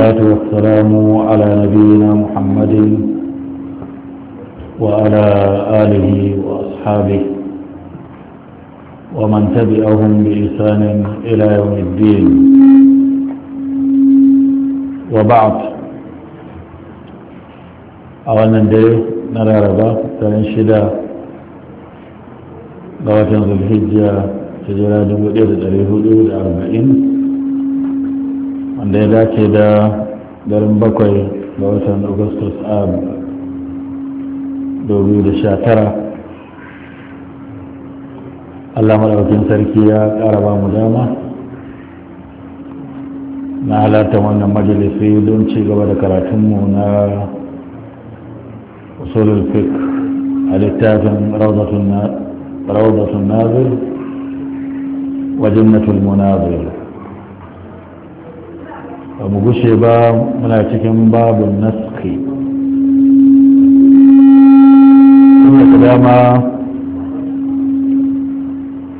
والصلاة والسلام على نبينا محمد وعلى آله وأصحابه ومن تبعهم بإحسان إلى يوم الدين وبعد أولا ندعو نرى ربا تنشد لغة ذو الحجة الهدوء 1440 wanda ya dace da darin bakwai ga watan augustus a 2019 allah maɗaukin sarki ya ƙara ba mu dama na halarta wannan majalisi don ci gaba da karatunmu na usulul fiqh a littafin rawdatun nazir wa jannatul munazir ba mu gushe ba muna cikin babun naski da dama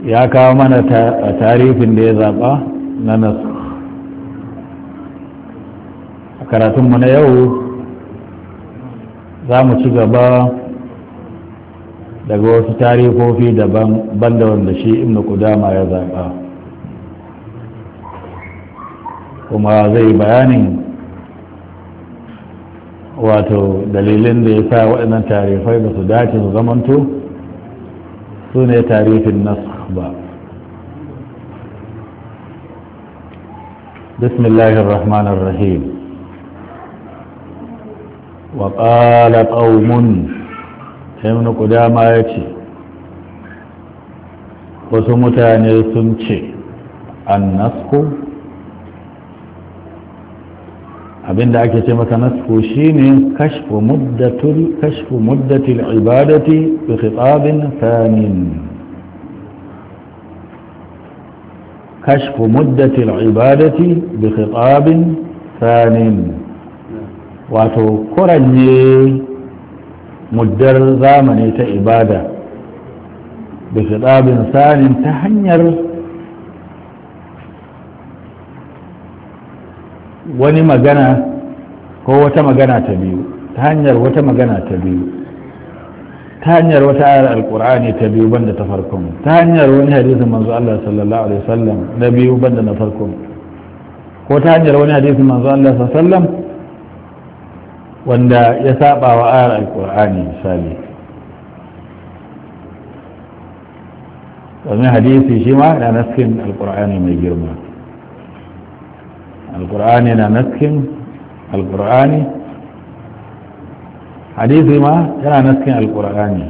ya kawo mana a tarifin da ya zaɓa na naski a karatunmu na yau za mu ci gaba daga wasu tarihofi daban banda wanda shi ibn kudama ya zaɓa kuma zai bayanin wato dalilin da ya sa waɗannan tarifai ba su dace su zamanto su ne tarifin nas ba بسم الله الرحمن الرحيم وقال قوم ابن قدامى يتي وسمتاني سنتي النسخ abinda ake ce maka nasku shine kashfu muddatul kashfu muddatil ibadati bi khitabin thanin kashfu bi khitabin thanin wato بخطاب muddar zamani ta ibada bi khitabin thanin ta hanyar wani magana ko wata magana ta biyu ta hanyar wata magana ta biyu ta hanyar wata ayar alkur'ani ta biyu banda ta farkon ta hanyar wani hadisin manzo Allah sallallahu alaihi wasallam na biyu banda na farkon ko ta hanyar wani hadisin manzo Allah sallallahu alaihi wasallam wanda ya saba wa ayar alkur'ani misali domin hadisi shi ma na naskin alkur'ani mai girma Alƙur'ani na naskin Alƙur'ani hadisi ma yana naskin Alƙur'ani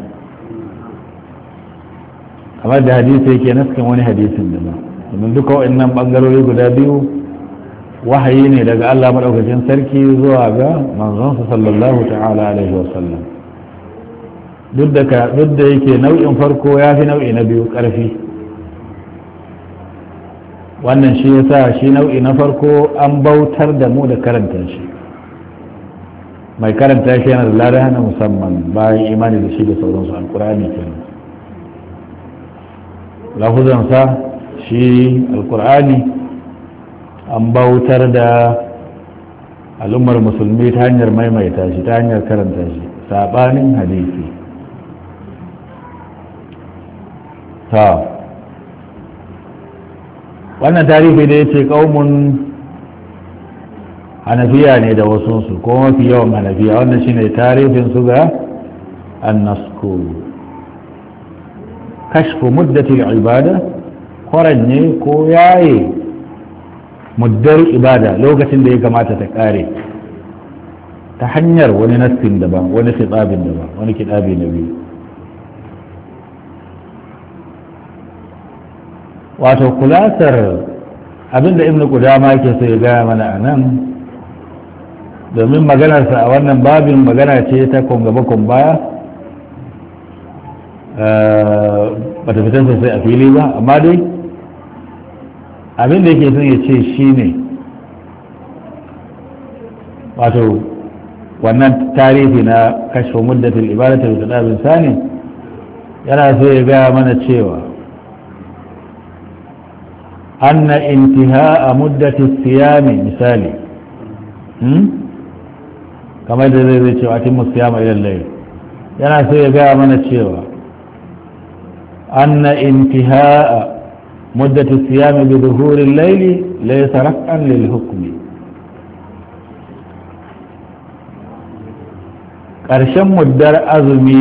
kamar da hadisi yake naskin wani hadisin da ba domin duka waɗannan ɓangarori guda biyu wahayi ne daga Allah maɗaukacin sarki zuwa ga manzonsa sallallahu ta'ala alaihi wasallam duk da yake nau'in farko ya fi nau'i na biyu ƙarfi wannan shi ya sa shi nau'i na farko an bautar da mu da karanta shi mai karanta shi yana da lada na musamman bayan imani da shi da sauransu ne ke lafuzansa shi alkur'ani an bautar da al'ummar musulmi ta hanyar maimaita shi ta hanyar karanta shi saɓanin hadisi wannan tarihi da ya ce kaumun hanafiya ne da wasunsu ko mafi yawan hanafiya wannan shine tarihin su ga annasku kashfu muddatil ibada kwaranye ko yaye muddar ibada lokacin da ya kamata ta kare ta hanyar wani naskin daban wani fitsabin daban wani kiɗabi na biyu wato kulasar abinda ibn kudama ke so ya gaya mana a nan domin maganarsa a wannan babin magana ce ta kongaba-kon baya eh, ba ta fitan sosai a fili ba amma dai abinda yake son ya ce shi ne wato wannan tarihi na kashe muddatin ibadatar da ɗabin sani yana so ya gaya mana cewa أن انتهاء مدة الصيام مثالي كما يدري ذي شو أتم الصيام إلى الليل yana so ya gaya mana cewa anna intiha'a muddatu siyami bi zuhuril layli laysa raf'an lil hukmi karshen muddar azumi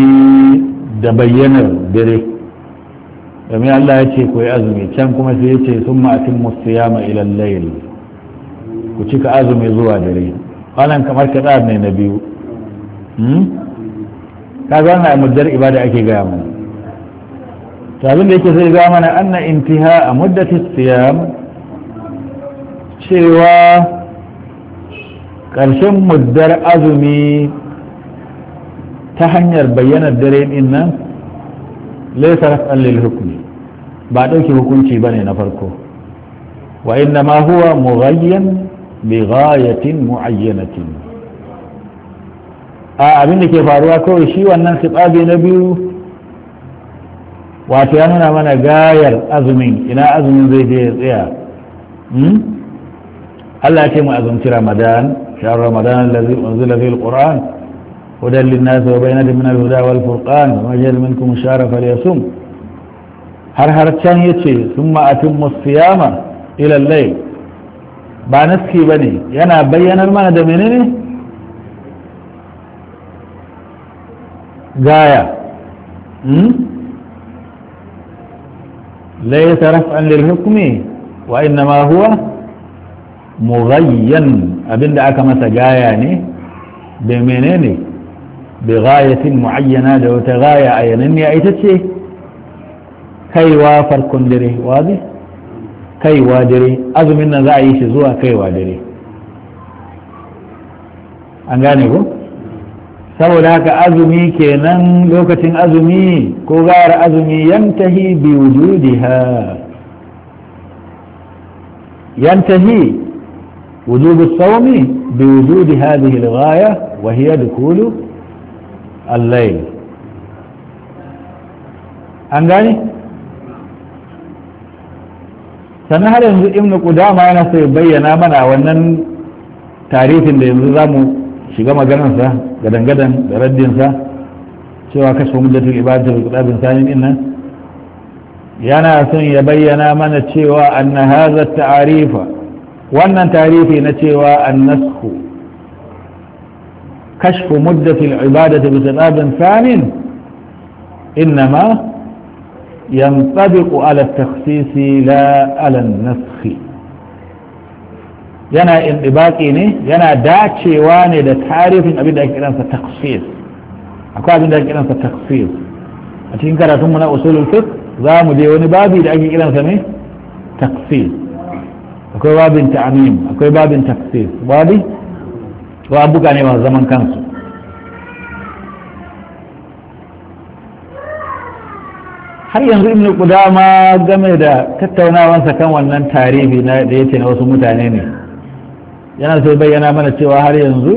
da bayyanar dare domin Allah ya ce ku yi azumi can kuma sai ya ce sun ma'atin musayama ilal layl ku cika azumi zuwa dare wannan kamar kadar ne na biyu hmm? ka ga wannan muddar ibada ake gaya mana to abin da yake zai ga mana anna intiha a muddati siyam cewa ƙarshen muddar azumi ta hanyar bayyanar dare din nan laisa raf'an lil hukm ba ɗauke hukunci ba ne na farko wa inna ma huwa mughayyan bi ghayatin mu'ayyanatin a abin da ke faruwa kawai shi wannan sibabi na biyu wato ya nuna mana gayar azumin ina azumin zai je ya tsaya hmm? Allah ya ce mu azumci Ramadan shahar Ramadan allazi unzila fihi alquran hudan lin-nas wa bayyinatin min al-huda wal-furqan wa man minkum shahra falyasum har har can ya ce sun ma'afin musayama ilallai ba naski ba ne yana bayyanar mana da menene gaya hmm? lai ta rafa hukumi wa inna ma Mu mughayyan abinda aka masa gaya ne da menene bi gayatin mu'ayyana da wata gaya a yananne ne a ita ce kaiwa farkon dare wazi kaiwa dare azumin nan za a yi shi zuwa kaiwa dare an gane ko saboda haka azumi kenan lokacin azumi ko gayar azumi yantahi bi wujudiha yantahi وجوب الصوم بوجود هذه الغاية وهي دخول an gane. sannan har yanzu ibnu qudama yana sai bayyana mana wannan tarihin da yanzu za mu shiga maganarsa gadangadan da raddinsa cewa kashe mujjatul ibadatul qudabin sanin din nan yana son ya bayyana mana cewa anna hadha ta'arifa wannan tarihi na cewa annasku kashfu muddatil ibadati bi qudabin sanin innama ينطبق على التخصيص لا على النسخ yana indibaki ne yana dacewa ne da tarifin abin da ake kiransa taksis akwai abin da ake kiransa taksis a cikin karatunmu na usulul fiqh za mu je wani babi da ake kiransa ne taksis akwai babin ta'amim akwai babin taksis babi wa abuka ne masu zaman kansu har yanzu ibn qudama game da tattaunawansa kan wannan tarihi na da yace na wasu mutane ne yana sai bayyana mana cewa har yanzu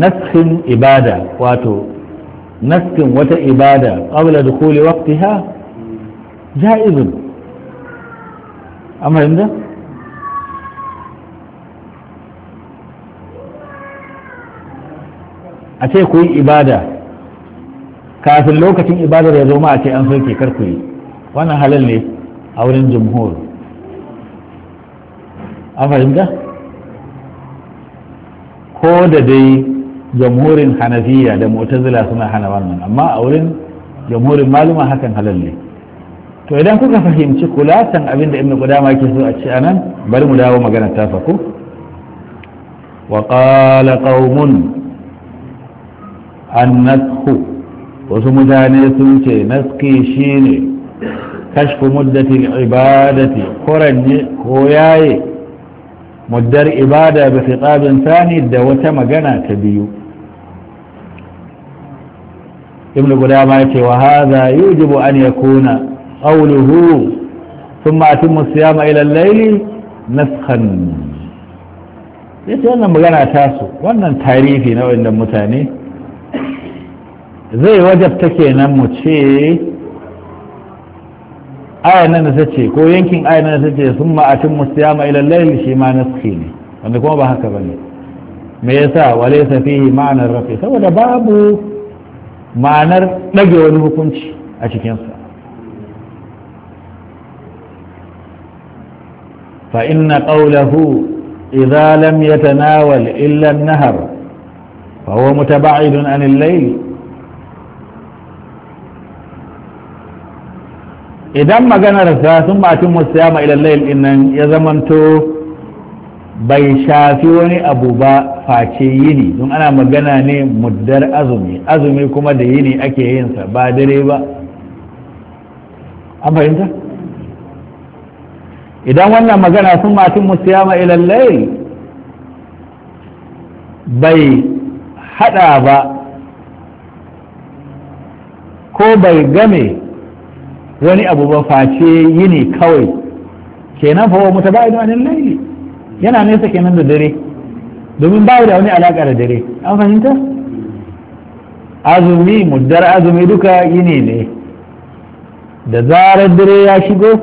naskin ibada wato naskin wata ibada qabla dukuli waqtiha ja'izun amma inda a ce ku yi ibada kafin lokacin ibadar ya zo ma a ce an soke karku yi wannan halin ne a wurin jumhur a fahimta ko da dai jamhurin hanafiya da mu'tazila suna hana wannan amma a wurin jamhurin maluma hakan halal ne to idan kuka fahimci kulatan abinda ibn qudama yake so a ce anan bari mu dawo magana ta faku wa qala qaumun annathu wasu mutane sun ce naski shine kashfu muddatin ibadati koranye ko yaye muddar ibada bi khitabin sani da wata magana ta biyu ibn gudama yace wa hadha yujibu an yakuna qawluhu thumma atimmu siyama ila al-layli naskhan yace wannan magana ta su wannan tarihi na wannan mutane zai wajabta kenan mu ce ayan nan ta ce ko yankin ayan nan ta ce sun ma'atin musayama layl shi ma naski ne wanda kuma ba haka bane me yasa wale safihi ma'anar rafi saboda babu ma'anar dage wani hukunci a cikin sa fa cikinsa فإن قوله إذا لم يتناول إلا النهر فهو متبعد عن الليل idan maganar sa sun matin musayama ilallayil dinnan ya zamanto bai shafi wani abu ba face yini don ana magana ne muddar azumi azumi kuma da yini ake yinsa ba dare ba an fahimta idan wannan magana sun matin musayama ilallai bai hada ba ko bai game wani abu ba face yini kawai kenan fa wa da wani laili? yana nesa kenan da dare domin ba da wani alaka da dare an fahimta azumi muddar azumi duka yini ne da zarar dare ya shigo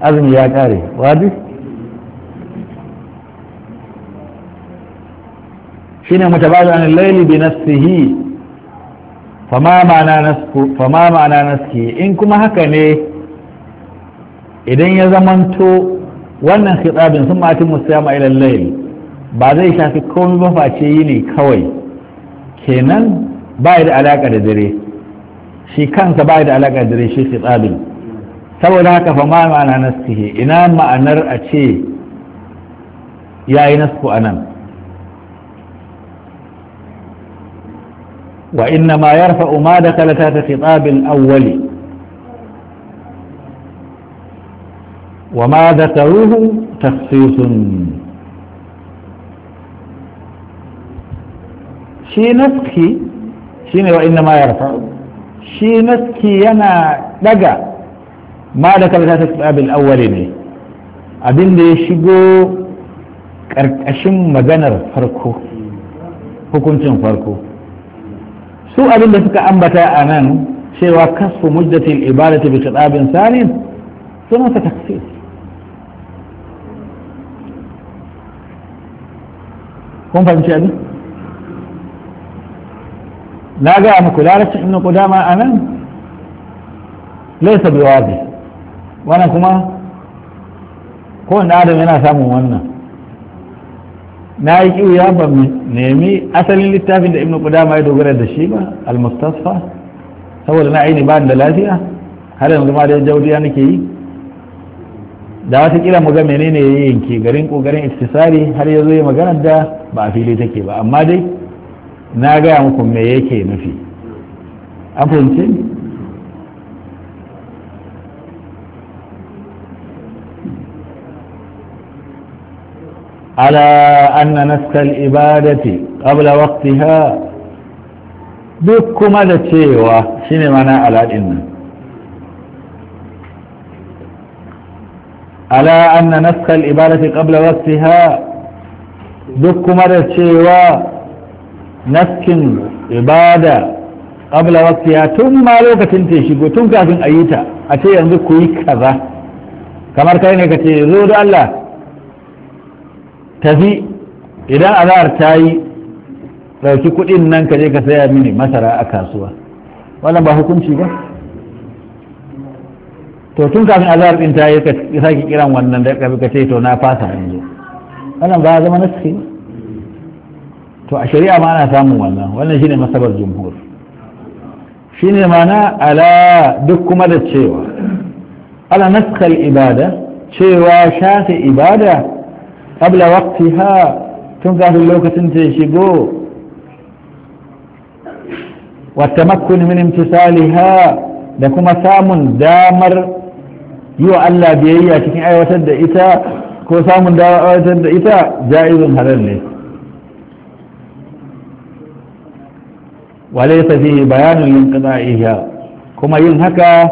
azumi ya kare wadi shine mutaba'idun anil layli bi nafsihi fama ma'ana naske in kuma haka ne idan ya zamanto wannan khitsabin sun matin musayama ilal layl ba zai shafi komai ba face yi ne kawai kenan ba da alaka da dare shi kansa ba da alaka da dare shi khitsabin saboda haka fama ma'ana naske ina ma'anar a ce ya yayi nasku nan وإنما يرفع ما ماذا ثلاثة الخطاب الأول وما ذكروه تخصيص شي نسكي شين وإنما يرفع شي نسكي ينا لقى ما ذكى ثلاثة الخطاب الأول أبين دي شيقو أشم مجانر فركو حكمتين فركو su abin da suka ambata a nan cewa kasfu mujdatin ibadati bi kitabin salim suna ta taksir kun fahimci abin na ga muku inu ku dama a nan laisa biwazi wannan kuma kowane adam yana samun wannan na yi kiwuya ba nemi asalin littafin da ibn qudama ya dogara da shi ba al-mustasfa saboda na aini ba da lafiya har yanzu ma da jaudiya nake yi da wata kira mu ga menene ya yanke garin kokarin istisari har ya zo ya magana da ba a fili take ba amma dai na gaya muku me yake nufi an fahimce على أن نسك الإبادة قبل وقتها بكما دتشيوة شيني معنى على إن على أن نسك الإبادة قبل وقتها بكما دتشيوة نسك إبادة قبل وقتها ثم لوكة تنتشيكو تنكافن أيتا أتي أنذكو كذا كما ركايني كتير زود الله tafi idan azahar ta yi ɗauki kuɗin nan ka je ka saya mini masara a kasuwa wannan ba hukunci ba to tun kafin azahar ɗin ta yi ka sake kiran wannan da ka ce to na fasa yanzu wannan ba zama na naski to a shari'a ma ana samun wannan wannan shine masabar jumhur shine mana ala duk kuma da cewa ala naskal ibada cewa shafe ibada wakti ha tun kafin lokacin ta shigo wa tamakkun min ha da kuma samun damar yi wa Allah biyayya cikin aiwatar da ita ko samun damar aiwatar da ita ja'izun halal ne walaysa fihi bayanun linqita'iha kuma yin haka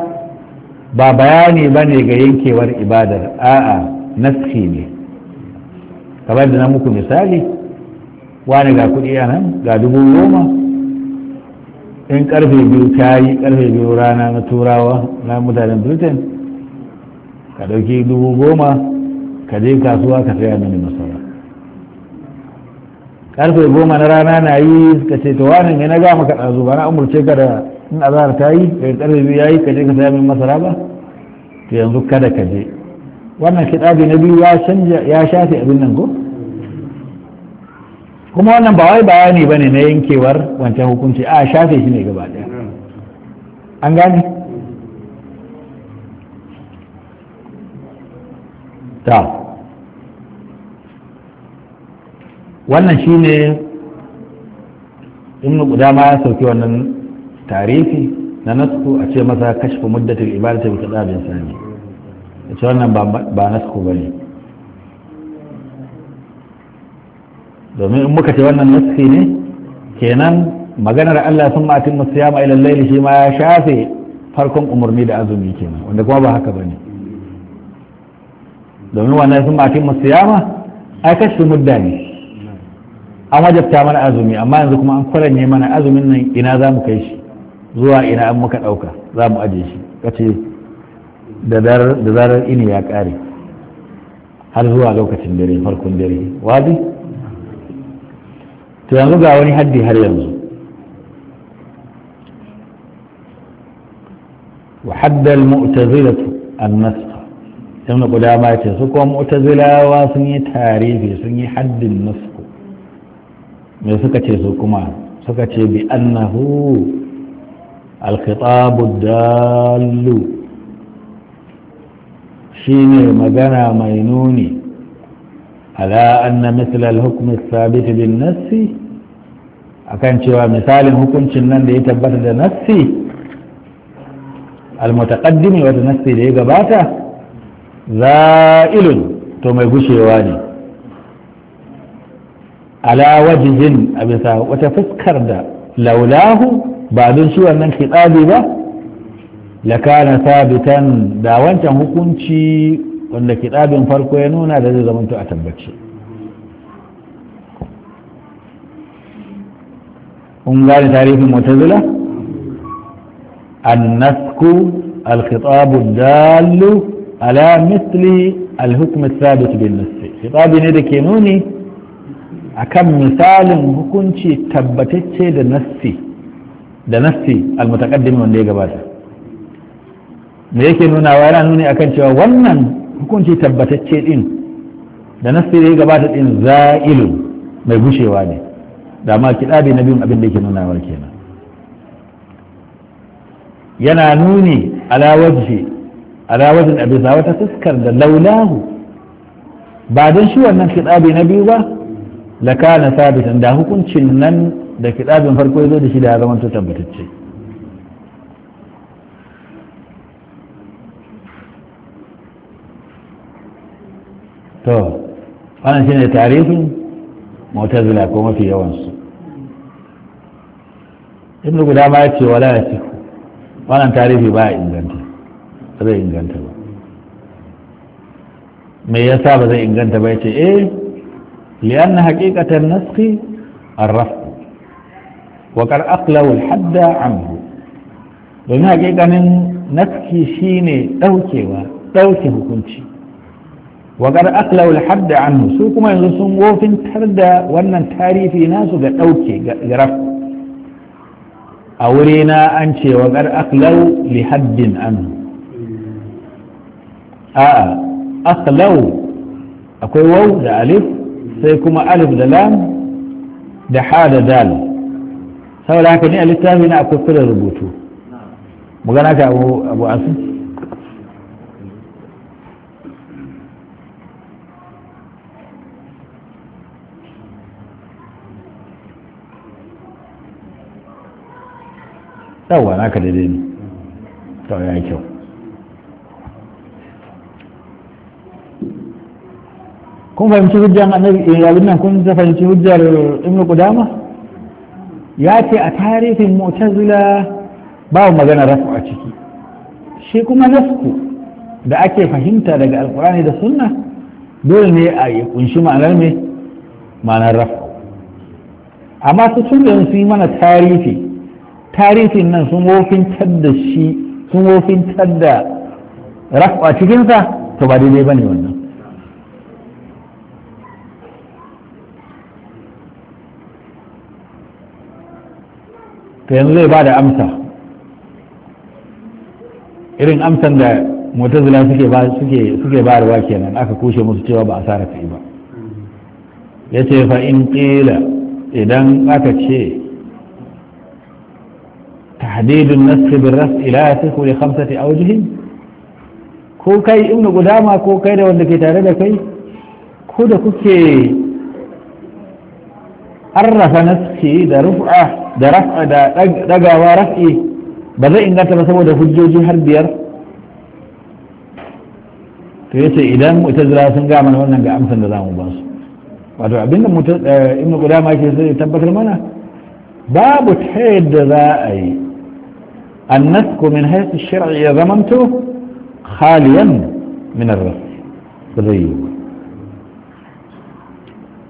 ba bayani bane ga yankewar ibadar a'a naski ne kamar da na muku misali wani ga kuɗi a nan ga dubu goma in karfe biyu ta yi karfe biyu rana na turawa na mutanen britain ka ɗauki dubu goma ka je kasuwa ka saya mini masara karfe goma na rana na yi ka ce ta wani ne na gama ka ɗazu ba na umurce ka da in azahar ta yi ka karfe biyu ya yi ka je ka saya mini masara ba to yanzu kada ka je wannan kitabi na biyu ya shafi ya shafe abin nan ko kuma wannan ba wai bayani bane na yankewar wancan hukunci a shafe shi ne gaba daya an gane ta wannan shi ne in ma ya sauki wannan tarifi na nasu a ce masa kashfa muddatul ibadati kaɗa kadabin sani ya ce wannan ba suku ba ne domin in muka ce wannan naski ne kenan maganar Allah sun matin masu ya ilan laili shi ma ya shafe farkon umarni da azumi kenan wanda kuma ba haka ba ne domin wannan sun matin masu ya ai kashi mudda ne an wajabta mana azumi amma yanzu kuma an kwaranye mana azumin nan ina za mu kai shi zuwa ina an muka ɗauka za mu aje shi kace da zarar ini ya ƙare har zuwa lokacin dare farkon dare wadi to yanzu ga wani haddi har yanzu wa haddal mu'tazilatu an-nasakh ibn qudama ce su kuma mu'tazilawa sun yi tarihi sun yi haddin nasku me suka ce su kuma suka ce bi annahu al-khitab ad-dallu shine magana mai nuni ala anna misal al-hukm as bin nassi akan cewa misalin hukuncin nan da ya tabbata da nassi al-mutaqaddimi wa nassi da ya gabata za'ilun to mai gushewa ne ala wajhin a bisa wata fuskar da laulahu ba don shi wannan kitabi ba lakana sabitan da wancan hukunci wanda kitabin farko ya nuna da zai zamanto a tabbace kun gane tarihin mutazila annasku alkhitabu dallu ala misli alhukm sabit bin nassi ne da ke nuni akan misalin hukunci tabbatacce da nasi da nassi almutaqaddim wanda ya gabata me yake nunawa yana nuni akan cewa wannan hukunci tabbatacce din da nasiri ya gabata din za'ilu mai gushewa ne da ma kiɗabi na biyun abin da yake nunawar kenan yana nuni alawaji alawajin a bisa wata fuskar da laulahu ba don shi wannan kiɗabi na biyu ba la kana sabitan da hukuncin nan da kiɗabin farko ya zo da shi da ya zama tabbatacce to wannan shine tarihin mu'tazila ko mafi yawansu ibn guda ma ya ce wala ya ce wannan tarihi ba ya inganta ba zai inganta ba me yasa ba zai inganta ba ya ce eh li'anna haqiqatan nasqi arraf rafd wa qad aqlaw al-hadd anhu domin haqiqanin naski shine daukewa dauke hukunci wa gar hadda hadd su kuma yanzu sun wofintar da wannan tarihi nasu ga ɗauke ga raf a wuri an ce wa gar aslaw li haddin anhu a akwai waw da alif sai kuma alif da lam da ha da dal saboda haka ne a littafi na akwai firar rubutu abu yawwa naka daidai ne to ya kyau kun fahimci hujjar annabi eh, abin nan kun fahimci hujjar ibn kudama ya ce a tarihin mu'tazila babu magana rafu a ciki shi kuma nasku da ake fahimta daga alkurani da sunna dole ne a yi kunshi ma'anar me ma'anar rafu amma su tun da su yi mana tarihi tarihin nan sun wofintar da shi sun wofintar da rafa cikinsa to ba daidai ba ne wannan to yanzu zai ba da amsa irin amsan da mutazila suke ba suke suke ruwa kenan aka kushe musu cewa ba asara ta yi ba yace fa in qila idan aka ce تحديد النسخ بالرفع لا يصح لخمسة أوجه ko kai ibnu gudama ko kai da wanda ke tare da kai ko da kuke arrafa naski da rufa da rafa da ba zai inganta ba saboda hujjoji har biyar to yace idan mu'tazila sun ga mana wannan ga amsan da zamu ba su wato abinda gudama ke sai tabbatar mana babu ta yadda za a yi النسك من هيئة الشرع إذا ضممته خاليا من الرسل تغيب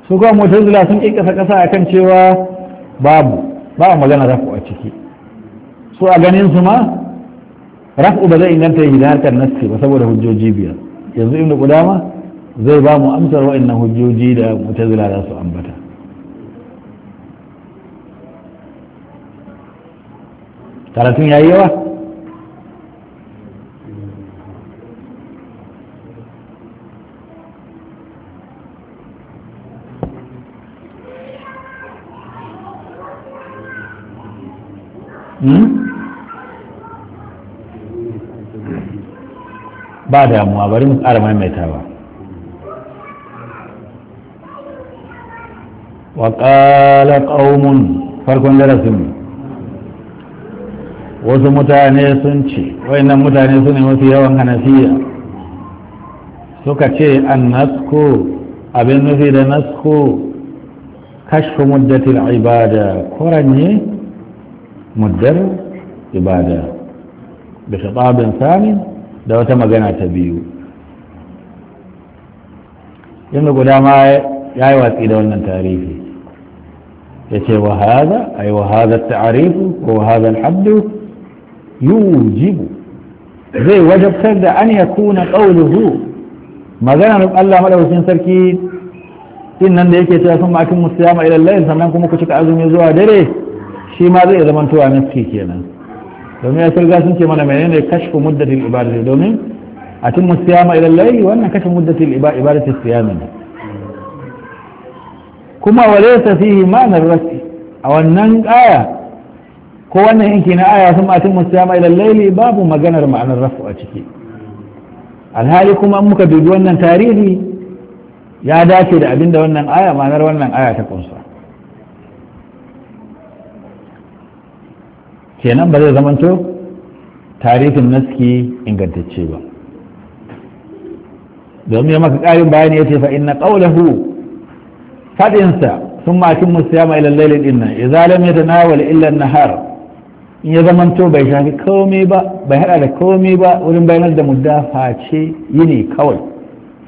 سوكو متزلة سنكي كسا كسا أكن شوى باب باب مجانا رفع أتشكي سوى أغنين سما رفع بدأ إن أنت يجدها كالنسك وسبو له الجوجيبيا يزيب لك داما زي باب امسر وإنه الجوجي دا متزلة رأسه أنبتا karatun ya yi yawa hmm? ba damuwa bari mu ƙara maimaitawa wa ƙala ƙaumun farkon darasin mu wasu mutane sun ce wayannan mutane su ne mafi yawan hanafiya suka ce an nasko abin nufi da nasko kashfu muddatil ibada kuranye muddar ibada da shababin sami da wata magana ta biyu inda guda ma ya yi watsi da wannan tarihi ya ce wa haza ai wa haza ta'arifu ko wa haza al'abdu yujibu zai wajabtar da an ya kuna ƙauluhu maganar Allah madaukakin sarki din nan da yake cewa sun makin musayama ila layin sannan kuma ku cika azumi zuwa dare shi ma zai zama tuwa miski kenan domin ya kirga sun ce mana menene ku muddatin ibadati domin a cin musayama ila layi wannan kashfu muddatil ibadati siyama ne kuma walaysa ma na rasi a wannan aya ko wannan yanki na aya sun matin musayama ilal laili babu maganar ma'anar rafu a ciki alhali kuma muka dubi wannan tarihi ya dace da abinda wannan aya ma'anar wannan aya ta kunsa kenan ba zai zamanto tarihin naski ingantacce ba domin ya maka ƙarin bayani ya ce fa inna qawlahu faɗinsa sun matin musayama ilal laili dinnan idza lam yatanawal illa an-nahar in ya zamanto bai shafi komai ba bai hada da komai ba wurin bayanar da mudda face yi ne kawai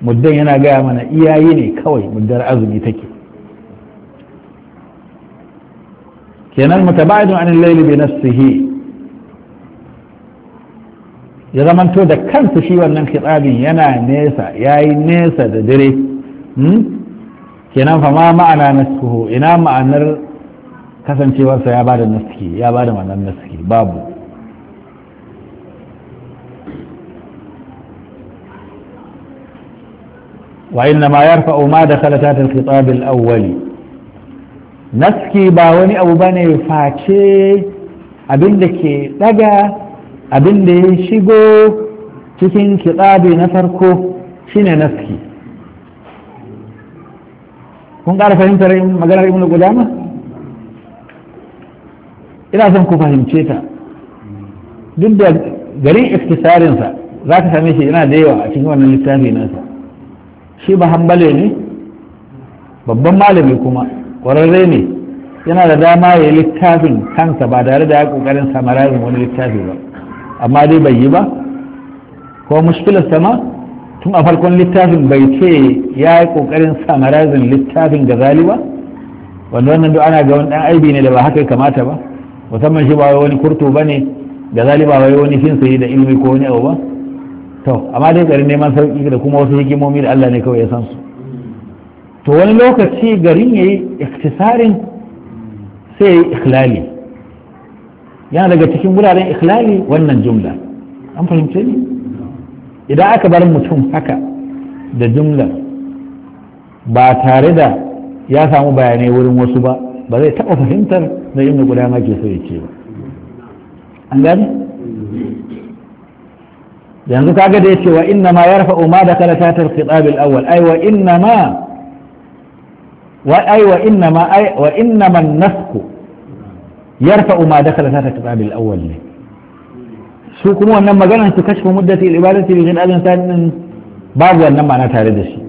muddan yana gaya mana iya yi ne kawai muddar azumi take kenan mutaba'idun anil layli bi nafsihi ya zamanto da kansa shi wannan kitabin yana nesa yayi nesa da dare hmm? kenan fa ma ma'ana nasuhu ina ma'anar kasancewarsa ya bada naski ya bada ma'anan naski babu waɗanda ma yar fa'uma da kala tatar ki tsabin auwali naski ba wani abu bane ne face abin ke ɗaga abin ya shigo cikin kitsabi na farko shine naski kun kada fahimtar maganar yi mana ina son ku fahimce ta duk da garin iftisarinsa za ka same shi yana da yawa a cikin wannan littafi nasa shi ba hambale ne babban malami kuma ƙwararre ne yana da dama ya yi littafin kansa ba tare da ya ƙoƙarin samararin wani littafi ba amma dai bai yi ba ko mushkilar sama tun a farkon littafin bai ce ya yi ƙoƙarin samararin littafin gazali ba wanda wannan duk ana ga wani ɗan aibi ne da ba haka ya kamata ba musamman shi ba wani kurtu ba ne da zaliba ba wani fin sayi da ilimi ko wani abu ba to amma dai garin neman sauki da kuma wasu hikimomi da Allah ne kawai ya san su to wani lokaci garin yayi iktisarin sai yayi ikhlali yana daga cikin wuraren ikhlali wannan jumla an fahimce ni idan aka bar mutum haka da jumla ba tare da ya samu bayanai wurin wasu ba ba zai taɓa fahimtar na yin da guda ke so ya ce ba an gani yanzu kaga da ya ce wa inna ma ya rafa umar da kala tatar khitabil awwal ai wa inna ma wa ai wa inna ma ai wa inna man nasku da kala tatar ne su kuma wannan maganar su kashfa muddati ibadati li ghinadan sanin babu wannan ma'ana tare da shi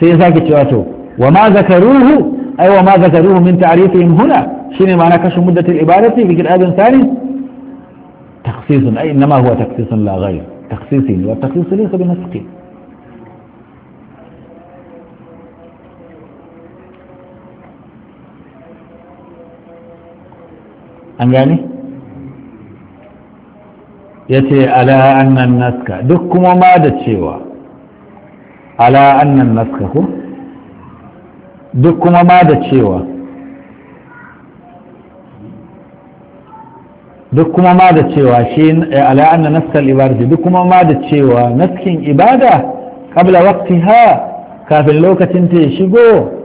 sai ya sake cewa to wa ma zakaruhu أي أيوة وما ذكروه من تعريفهم هنا شنو معنى كشف مدة الإبادة في كتاب ثاني تخصيص أي إنما هو تخصيص لا غير تخصيصي والتخصيص ليس بنسقي أنجاني يتي ya أن النسك annan naska duk kuma أن النسك cewa duk kuma ma da cewa duk kuma ma da cewa shi eh, ala'anna naskar ibadati duk kuma ma da cewa naskin ibada kabla wakti ha kafin lokacin ta shigo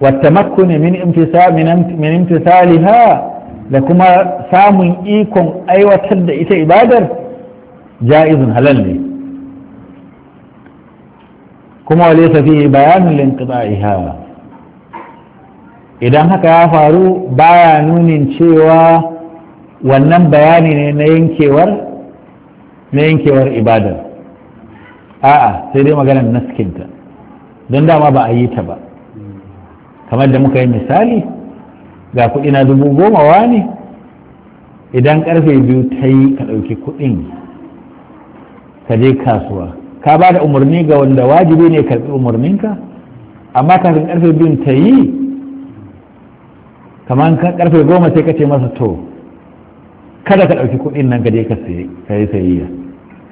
والتمكن من امتثال من ha da kuma samun ikon aiwatar da ita ibadar ja'izun halal ne kuma wale fi bayanin linqita'iha idan haka ya faru baya nunin cewa wannan bayani ne na yankewar na yankewar ibadar a'a sai dai maganar naskinta don dama ba a yi ta ba kamar da muka yi misali ga kuɗi na dubu goma wa ne idan karfe biyu ta yi ka ɗauki kuɗin ka je kasuwa ka ba da umarni ga wanda wajibi ne karɓi umarninka amma kafin karfe biyun ta yi kamar karfe goma sai ka ce masa to kada ka ɗauki kuɗin nan ka ka sayi sayayya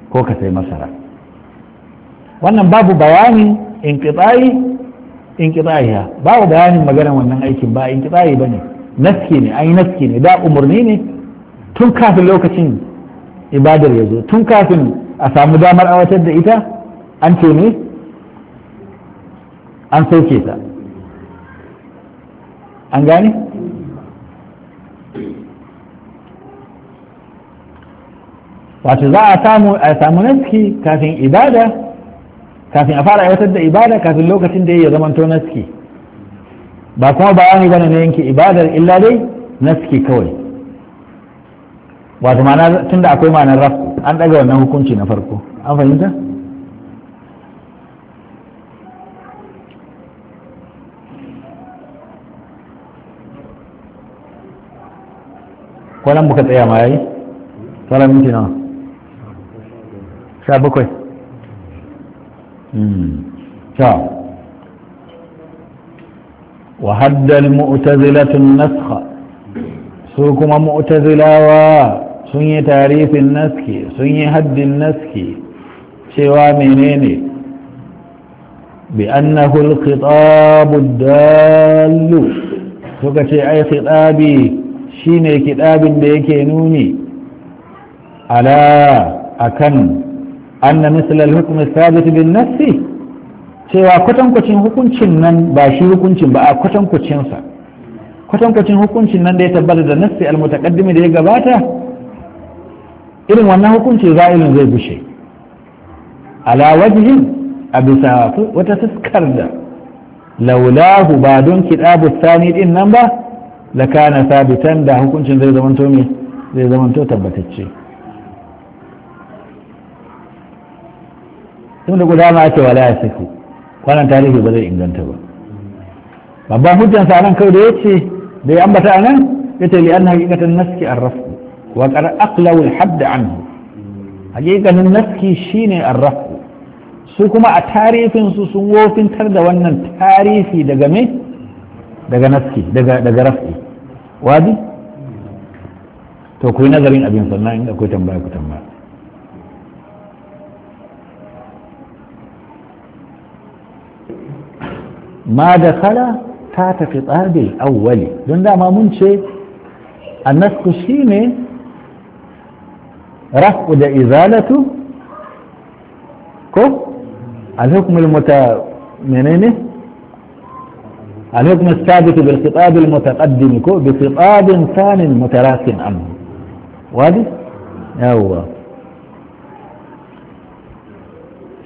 ko ka sayi masara wannan babu bayani in kitsayi in kitsayiya babu bayanin maganar wannan aikin ba in kitsayi ba ne naski ne an yi naski ne da umarni ne tun kafin lokacin ibadar ya zo tun kafin a samu damar awatar da ita an ce ne an sauke ta an gane wato za a samu a samu naski kafin ibada kafin a fara aiwatar da ibada kafin lokacin da ya zama to naski ba kuma ba ne bane na yanke ibadar illa dai naski kawai wato ma'ana tunda akwai ma'anar rafu an daga wannan hukunci na farko an fahimta kwanan buka tsaya ma yayi tsara minti nawa sha bakwai sha وهد المؤتزلة النسخ سوكما مؤتزلاوا sun yi tarifin naski sun yi haddin naski cewa menene bi annahul khitabud dallu suka ce ai khitabi shine kitabin da yake nuni ala akan anna misl al-hukm thabit bin nafsi cewa kwatankwacin hukuncin nan ba shi hukuncin ba a kwatankwacinsa kwatankwacin hukuncin nan da ya tabbata da nafsi al-mutaqaddimi da ya gabata irin wannan hukunci za'irin zai bushe ala wajihin a bisa wata fuskar da laulahu ba don kiɗa sani ɗin nan ba da kana sabitan da hukuncin zai zamanto ne zai zamanto tabbatacce tun da guda ma ake wala ya siku kwanan tarihi ba zai inganta ba babban hujjansa nan kawai da ya ce da ya ambata a nan ya ce li'an hakikatan naski an rafu Waƙar aklawul aqlaw al-hadd anhu hakikanin naski shine ar-rafu su kuma a tarifin su sun wofintar da wannan tarifi daga me daga naski daga daga rafi wadi to ku yi nazarin abin sannan in akwai tambaya ku tambaya ma da kala ta tafi tsabil awwali don dama mun ce annasku ne. رفع ده ازالته كو الحكم المتا منين الحكم الثابت بالخطاب المتقدم كو بخطاب ثان متراكم عنه وادي يا الله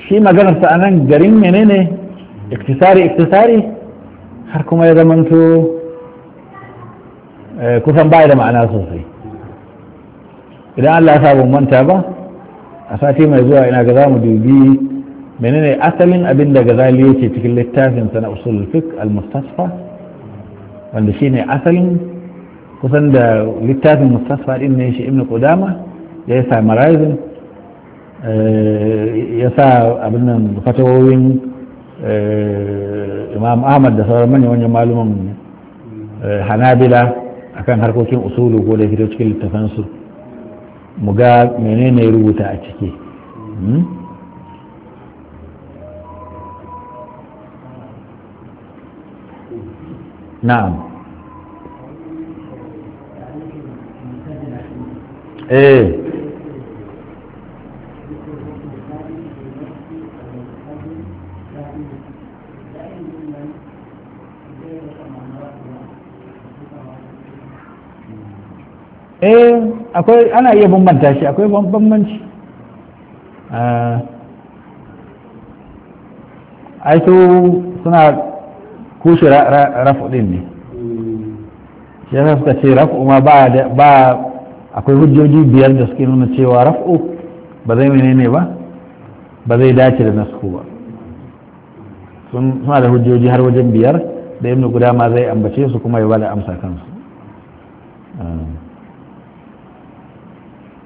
شي ما قال فانا جرين منينه اكتساري اكتساري حركم يا زمنتو آه، كفن بايده معناه صوفي idan Allah ya sa manta ba a sati mai zuwa ina ga zamu dubi menene asalin abin da gazali yake cikin littafin sana usul fiqh al-mustasfa wanda shine asalin kusan da littafin mustasfa din ne shi ibnu qudama ya yi summarizing eh, ya sa abin nan fatawoyin eh, imam ahmad da sauran manyan wani maluman eh, hanabila akan harkokin usulu ko da fito cikin littafansu mu ga menene rubuta a ciki hmm? na'am eh akwai ana iya bambanta shi akwai bambanci ah, ai su suna kushe rafu din ne shi yasa suka ce rafu ma ba akwai hujjoji biyar da suke nuna cewa rafu ba zai menene ba ba zai dace da nasku ba suna da hujjoji har wajen biyar da yadda guda ma zai ambace su kuma ya bada amsa kansu ah.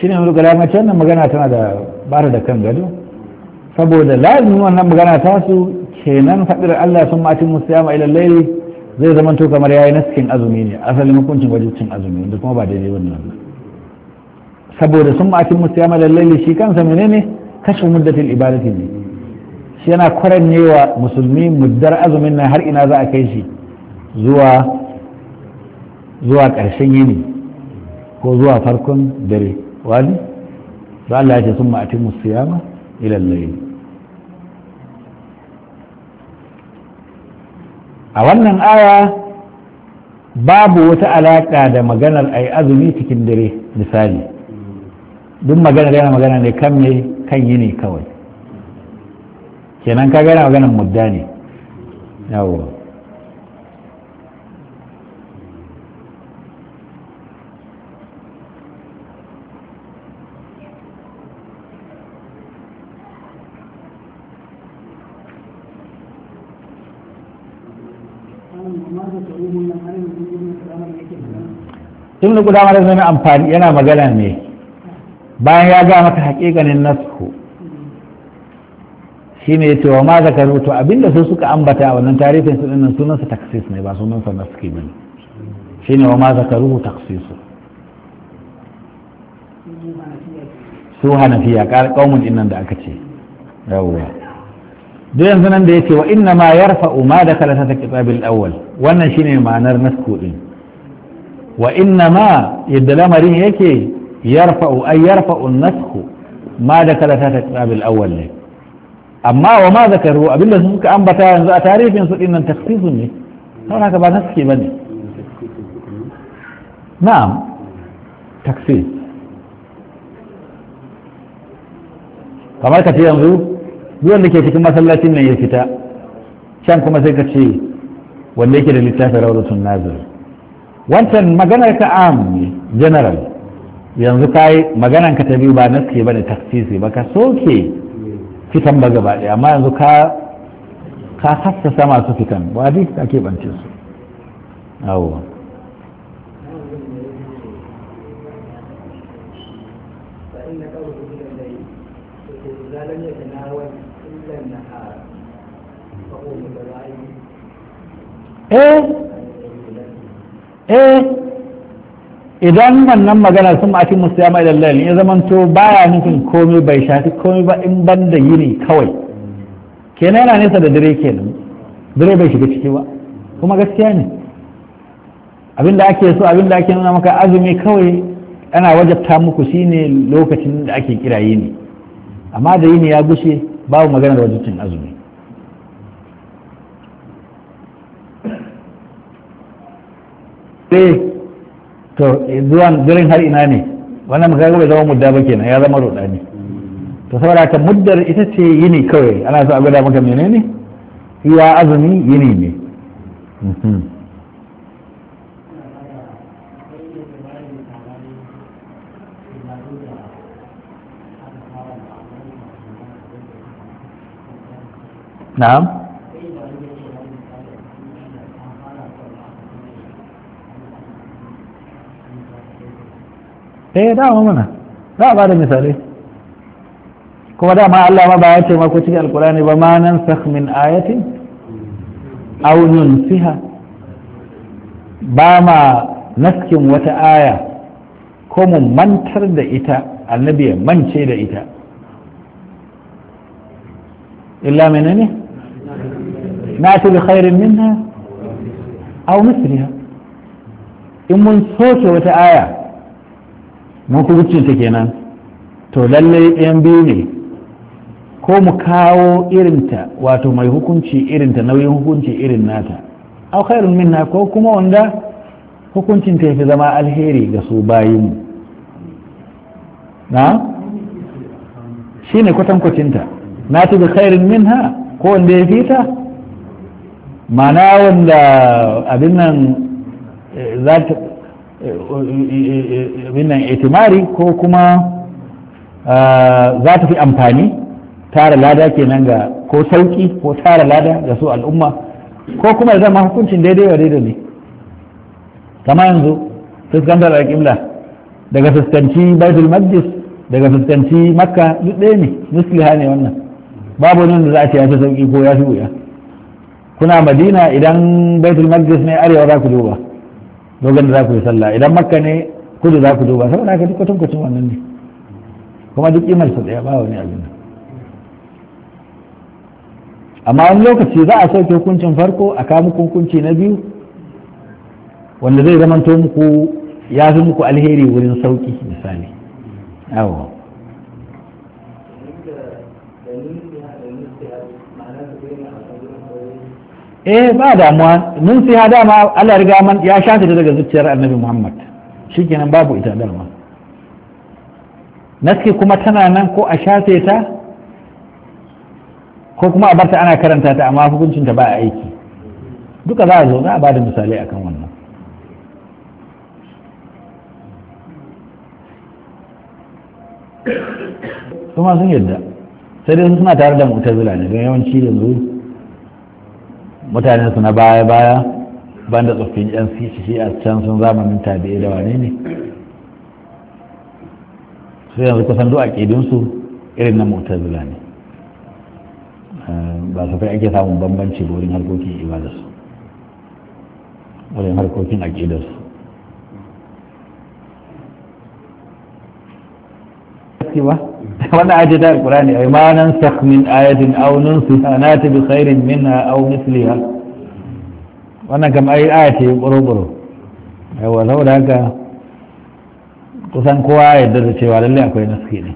shi ne wani galamacin wannan magana tana da bara da kan gado saboda lazimin wannan magana ta su kenan faɗir Allah sun mati musayama ila laili zai zama to kamar yayi cikin azumi ne asalin hukuncin wajen cin azumi wanda kuma ba daidai wannan ba saboda sun mati musayama ila laili shi kansa mene ne kashe muddatin ibadatin ne shi yana kwarannewa musulmi muddar azumin nan har ina za a kai shi zuwa zuwa ƙarshen yini ko zuwa farkon dare wali to Allah ya ce sun ma'atin musiyama ilal layl a wannan aya babu wata alaƙa da maganar ai azumi cikin dare misali duk maganar yana magana ne kan ne kan yi ne kawai kenan ka gana maganar mudda ne yawon tun da guda mara zama amfani yana magana ne bayan ya ga maka hakikanin nasku shi ne ya ce wa ma zakaru rubuta abinda su suka ambata a wannan tarifin su ɗinnan sunansa taksis ne ba sunansa naski ba ne shi ne wa ma rubuta taksisu su hanafiya ƙaumin ɗinnan da aka ce yawwa duk yanzu nan da yake wa inna ma yarfa'u ma da kala ta kitabil awwal wannan shine ma'anar nasku din wa inna ma yadda lamarin yake yarfa'u ay yarfa'u nasku ma da kala ta tsabil awwal ne amma wa ma zakaru abinda suka ambata yanzu a tarihin su dinnan takhsisun ne saboda haka ba ba ne na'am takhsis kamar ka ce yanzu wanda ke cikin masallacin nan ya fita can kuma sai ka ce wanda yake da littafin sun nazir wancan maganar ka am general yanzu ka yi maganar ka ta biyu ba naske da taksisi ba ka soke fitan ba gaba ɗaya amma yanzu ka ka hassasa masu fitan ba duk ake bance su awo eh eh idan wannan magana sun ma'afin musu ya mai lallai ya zamanto baya nufin komai bai shafi komai ba in ban da yini kawai kenan yana nesa da ke kenan dire bai shiga ciki ba kuma gaskiya ne abin da ake so abin da ake nuna maka azumi kawai ana wajabta muku shine lokacin da ake kira yini amma da yini ya gushe babu magana da wajibcin azumi sai eh, to zuwan durin har ina ne wannan makaga bai zama mudda ba kenan ya zama ne to saboda haka muddar ita ce yini kawai ana so a gwada maka menene iya azumi yini ne mhm. na'am eh dama mana za a ba da misalai kuma dama Allah ma ba ya ce mako cikin alkurani ba ma nan min ayatin aunin nunsiha ba ma naskin wata aya ko mu mantar da ita annabi mance da ita illa menene nati بخير منها أو مثلها إما in mun soke wata aya mun kubucin ينبيني to ko mu kawo irinta wato mai hukunci irinta nauyin hukunci irin nata aw khairun minna ko kuma wanda hukuncin ta yafi zama alheri ga su bayin na shine kwatankwacinta nati bi khairun minha ko wanda ya fita mana wanda abin nan eh, za ta eh, eh, abin nan itimari ko kuma ah, za ta fi amfani tara lada kenan ga ko sauki ko tara lada ga su al'umma ko kuma da zama hukuncin daidai wa daidai ne kama yanzu fuskantar alƙibla daga fuskanci baitul maqdis daga fuskanci makka duk ɗaya ne musliha ne wannan babu nan da za a ce ya fi sauki ko ya fi wuya kuna madina idan baitul maqdis ne arewa za ku duba dogon da za ku yi sallah idan makka ne kudu za ku duba saboda haka duk kwatankwacin wannan ne kuma duk imar su daya ba wani abin amma wani lokaci za a sauke hukuncin farko a kawo hukunci na biyu wanda zai to muku ya fi muku alheri wurin sauki misali yawon eh ba damuwa mun sai ha dama Allah riga man ya shafe ta daga zuciyar Annabi Muhammad shikenan babu ita dama naske kuma tana nan ko a shafe ta ko kuma a barta ana karanta ta amma hukuncin ta ba a aiki duka za a zo za a bada misali akan wannan kuma sun yadda sai dai suna tare da mu'tazila ne don yawanci yanzu Mutane su na baya baya ban da tsoffin yan shi a can sun zamanin tabi'i da wane ne su yanzu kusan duk aƙidinsu irin na mutazila ne ba su kai ake samun bambanci wurin harkokin ibadarsu wurin harkokin aƙidarsu suke ba wannan aji da alkurani ai ma nan sakh min ayatin aw nunsiha nati bi khairin minha aw misliha wannan kam ai ayati buru-buru boro yawa saboda haka kusan kowa ya yarda da cewa lallai akwai naski ne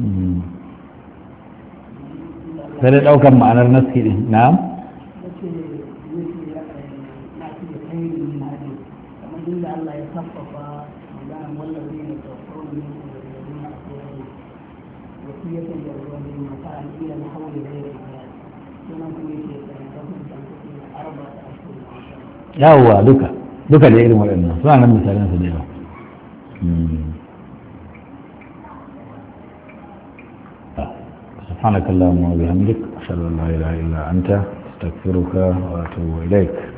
hmm. sai dai ɗaukar ma'anar naski ne na'am لا هو دكا دكا العلم والعلم su nan misalan su da سبحانك اللهم وبحمدك أشهد أن لا إله إلا أنت أستغفرك وأتوب إليك